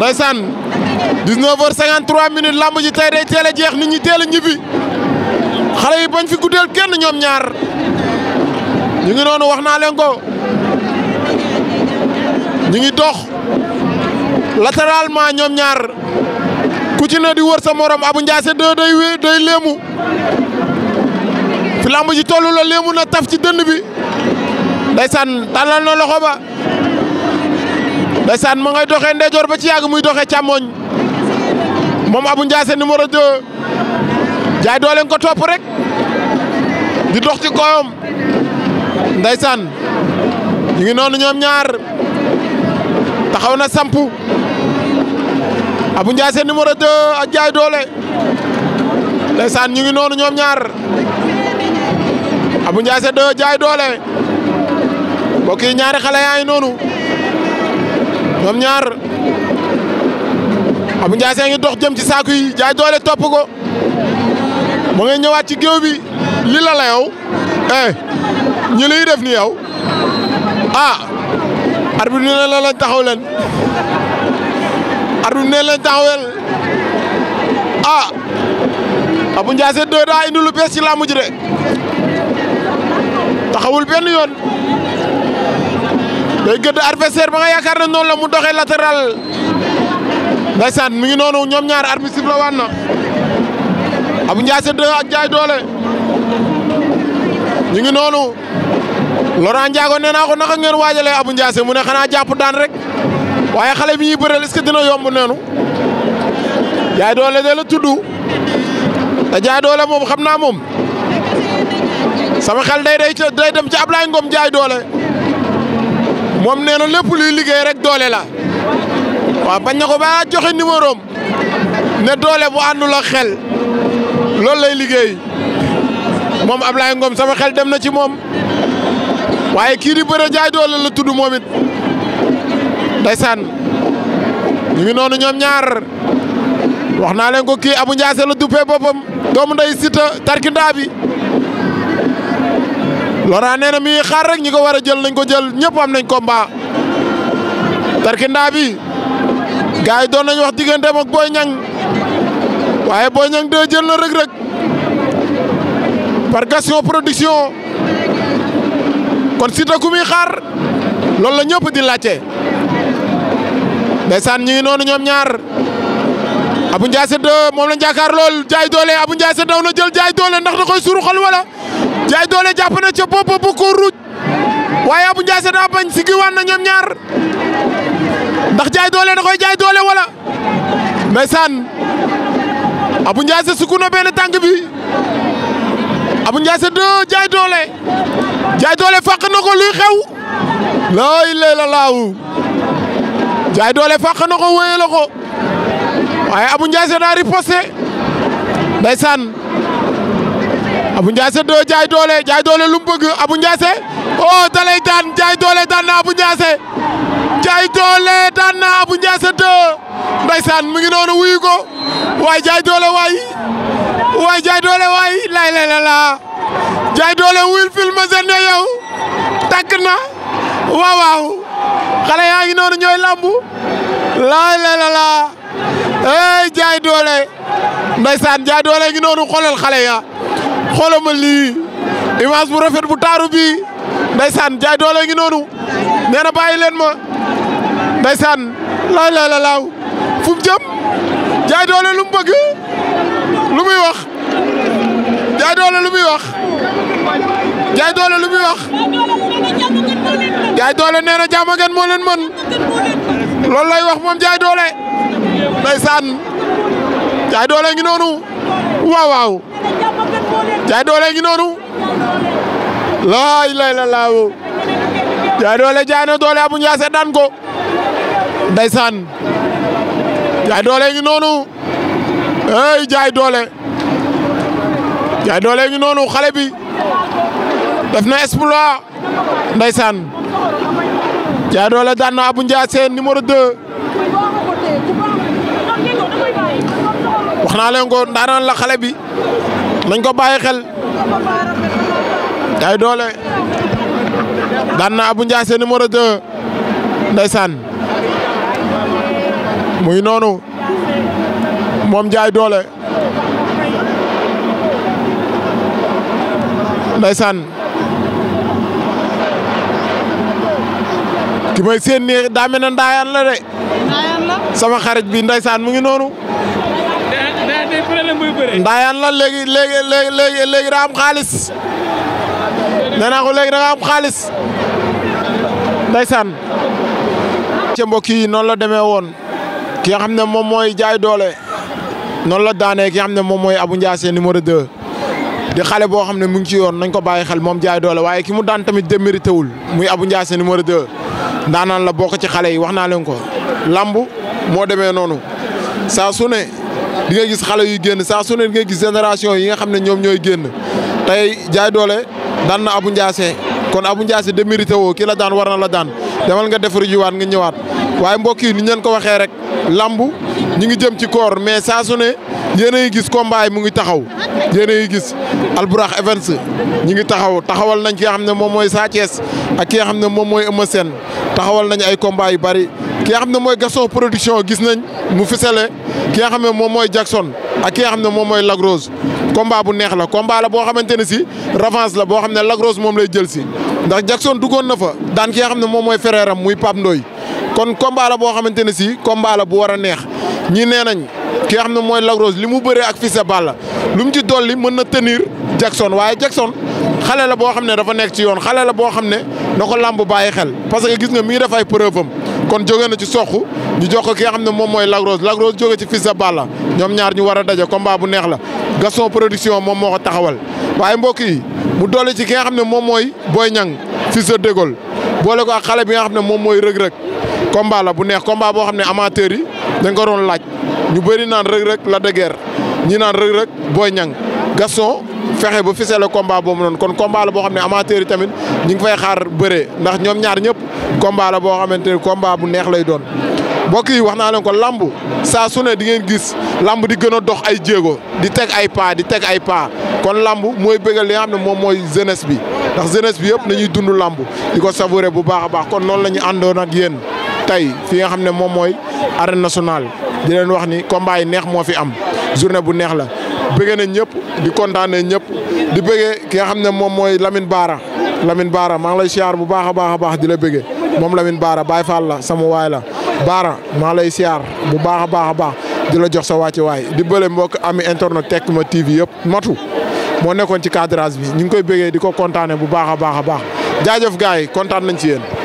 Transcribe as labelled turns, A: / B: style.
A: ndeysaan san heures 53 minutes lamb ji tey day teel a jeex nit ñi teel a ñibbi xale yi bañ fi guddeel kenn ñoom ñaar ñu ngi noonu wax naa leen ko ñu ngi dox latéralement ñoom ñaar ku ci di wër sa morom Abou Ndiassé de day wé day léemu fi lamb ji tollu la léemu na taf ci dënd bi ndeysaan tàllal na loxo ba ndeysaan ma ngay doxee ndeyjoor ba ci yàgg muy doxee càmmoñ moom Abou Ndiassé numéro 2 jaay dooleen ko topp rek di dox ci koom ndeysaan ñu ngi noonu ñoom ñaar taxaw na sampu Abou Ndiassé numéro 2 ak jaay doole ndeysaan ñu ngi noonu ñoom ñaar Abou Ndiassé 2 jaay doole mbokk yi ñaari xale yaa ngi noonu. ñom ñaar Abou Ndiassé ngi dox jëm ci saaku yi jaay doole top ko mo ngay ñëwaat ci geew bi li la la yow eh ñi lay def ni yow ah arbitre ne la la taxaw len arbitre ne leen taxawel ah Abou Ndiassé do da indi lu bes ci làmb ji de taxawul ben yoon day gëdd adversaire ba nga yaakaar ne noon la mu doxee latéral ndeysaan mi ngi noonu ñoom ñaar arbitre sifflé waat na Abou Ndiassé de ak Jaay Doole ñu ngi noonu Laurent Ndiago nee naa ko naka ngeen waajalee Abou Ndiassé mu ne xanaa jàpp daan rek waaye xale bi ñuy bëreel est-ce que dina yomb neenu Jaay Doole de la tudd te Jaay Doole moom xam naa moom sama xel dey day day dem ci Ablaye Ngom Jaay Doole. moom nee na lépp luy liggéey rek doole la waaw bañ na ko ba joxe numéro am ne doole bu àndul ak xel loolu lay liggéey moom Ablaye ngoom sama xel dem na ci moom waaye kii di bëre jaay doole la tudd moomit it ndeysaan ñu ngi noonu ñoom ñaar wax naa leen ko kii Abu Ndiaase la duppee boppam doomu nday sita tarkindaa bi Laurent nee na mi xaar rek ñi ko war a jël nañ ko jël ñëpp am nañ combat tarkindaa bi gars yi doon nañ wax digganteem ak Boy Niang waaye Boy Niang de jël na Reug Reug par Gaston Production kon Siteu ku muy xaar loolu la ñëpp di laajte ndeysaan ñi ngi noonu ñoom ñaar Abou Ndiassé de moom lañ jàkkaar lool jaay doole Abou Ndiassé daw na jël jaay doole ndax da koy suru wala Jaay doole jàpp na ca bopp bu ko ruuj waaye Abou Ndiassé daa bañ si giwaan na ñoom ñaar ndax Jaay doole da koy jaay doole wala ndeysaan Abou Ndiassé sukk na benn tànk bi Abou Ndiassé doo jaay doole jaay doole fàq na ko luy xew laa ilaaha illallaah jaay doole fàq na ko wéyale ko waaye Abou Ndiassé daa riposté ndeysaan Abou Ndiassé doo jaay doole jaay doole lu mu bëgg Abou Ndiassé oh dalay doole daan na Abou Ndiassé jaay doole daan na Abou Ndiassé doo ndeysaan mu ngi noonu wuyu ko waay doole waay waay jaay doole waay lay lay la laa doole wuyul film seen takk na waaw waaw xale ngi noonu ñooy lambu lay la laa hey jaay doole ndeysaan jaay doole ngi noonu xoolal xale ya xoolal ma lii image bu rafet bu taaru bi ndeysaan jaay doole ngi noonu nee na leen ma ndeysaan laay laay la laaw fu mu jëm jaay doole lu mu bëgg lu muy wax jaay doole lu muy wax jaay doole lu muy wax jaay doole nee na jàmm ngeen moo leen mën lay wax moom jaay doole ndeysaan jaay doole ngi noonu waaw waaw jaay doole ngi noonu laa ilaaha illallaah jaay doole jaay na doole Abou Ndiassé daan ko jaay doole ngi noonu ey jaay doole jaay doole ngi noonu xale bi def na exploit ndeysaan jaay doole daan na Abou Ndiassé numéro 2 wax naa leen ko ndaanaan xale bi nañ ko bàyyi xel ay doole daan na Abou Ndiassé numéro 2 ndeysaan muy noonu moom jaay doole daysaan ki may seen nii daa mel ne ndaayaan la de sama xarit bi ndeysaan mu ngi noonu ndaayaan la léegi léegi léegi léegi xaalis nee naa ko léegi xaalis ndeysaan ca mbokk yi noonu la demee woon ki nga xam ne moom mooy jaay doole noonu la daanee ki xam ne moom mooy Abou Ndiassé numéro 2 di xale boo xam ne mu ngi ci yoon nañ ko bàyyi xel moom jaay doole waaye kii mu daan tamit démérité wul muy Abou Ndiassé numéro 2 daanaan la bokk ci xale yi wax naa leen ko lamb moo demee noonu saa su di nga gis xale yu génn saa su ne di gis génération yi nga xam ne ñoom ñooy génn tey jaay doole daan na Abou Ndiassé kon Abou Ndiassé démérité woo kii la daan war na la daan demal nga defaru jiwaat nga ñëwaat waaye mbokk yi ni leen ko waxee rek lamb ñu ngi jëm ci koor mais saa su ne yéen a ngi gis combat yi mu ngi taxaw yéen a ngi gis Albourakh Events ñu ngi taxaw taxawal nañ ki nga xam ne moom mooy Sa Thiès ak ki xam ne moom mooy Eumeu Sène taxawal nañ ay combat yu bari ki xam ne mooy Gaston production gis nañ mu fisale ki nga xam ne moom mooy Jackson ak ki xam ne moom mooy Lagrose combat bu neex la combat la boo xamante ne si revanche la boo xam ne Lagrose moom lay jël si ndax Jackson duggoon na fa daan ki nga xam ne moom mooy frère muy Pape Ndoye kon combat la boo xamante ne si combat la bu war a neex ñi nee nañ ki xam ne mooy Lagrose li mu bëree ak Fils de Balla lu mu ci dolli mën na tenir Jackson waaye Jackson xale la boo xam ne dafa nekk ci yoon xale la boo xam ne na ko làmb bàyyi xel parce que gis nga mi ngi def ay preuve kon jóge na ci soq ñu jox ko ki nga xam ne moom mooy Lac Rose Lac Rose jóge ci Fils de Balla ñoom ñaar ñu war a daje kombaa bu neex la Gaston production moom moo ko taxawal. waaye mbokk yi mu dolli ci ki nga xam ne moom mooy booy Niang Fils de dégol boole ko ak xale bi nga xam ne moom mooy Reug Reug combat la bu neex kombaa boo xam ne amateur yi dañ ko doon laaj ñu bëri naan Reug Reug la de ñi naan Reug Reug booy Niang Gaston fexe ba fisele combat boobu noonu kon combat la boo xam ne amateur yi tamit ñu ngi fay xaar bëre ndax ñoom ñaar ñëpp combat la boo xamante ne kombaa bu neex lay doon. mbokk yi wax naa leen ko lamb saa su di ngeen gis lamb di gën a dox ay jéego di teg ay pas di teg ay pas kon lamb mooy bëggal li nga xam ne moom mooy jeunesse bi ndax jeunesse bi yëpp nañuy dund làmb di ko savourer bu baax a baax kon noonu la ñu àndoon ak tey fi nga xam ne moom mooy arène nationale di leen wax ni combat yi neex moo fi am journée bu neex la. bëggee nañ ñëpp di kontaanee ñëpp di bëggee ki xam ne moom mooy Lamine Baara Lamine Baara maa ngi lay siyaar bu baax a baax a baax di la bëggee moom Lamine Baara baay Fall la sama waay la Baara maa ngi lay siyaar bu baax a baax a baax di la jox sa wàcc waay di bële mbokk ami internet ma TV yëpp matu moo nekkoon ci cadrage bi ñu ngi koy bëggee di ko kontaanee bu baax a baax a baax jaajëf gars yi kontaan nañ ci yéen.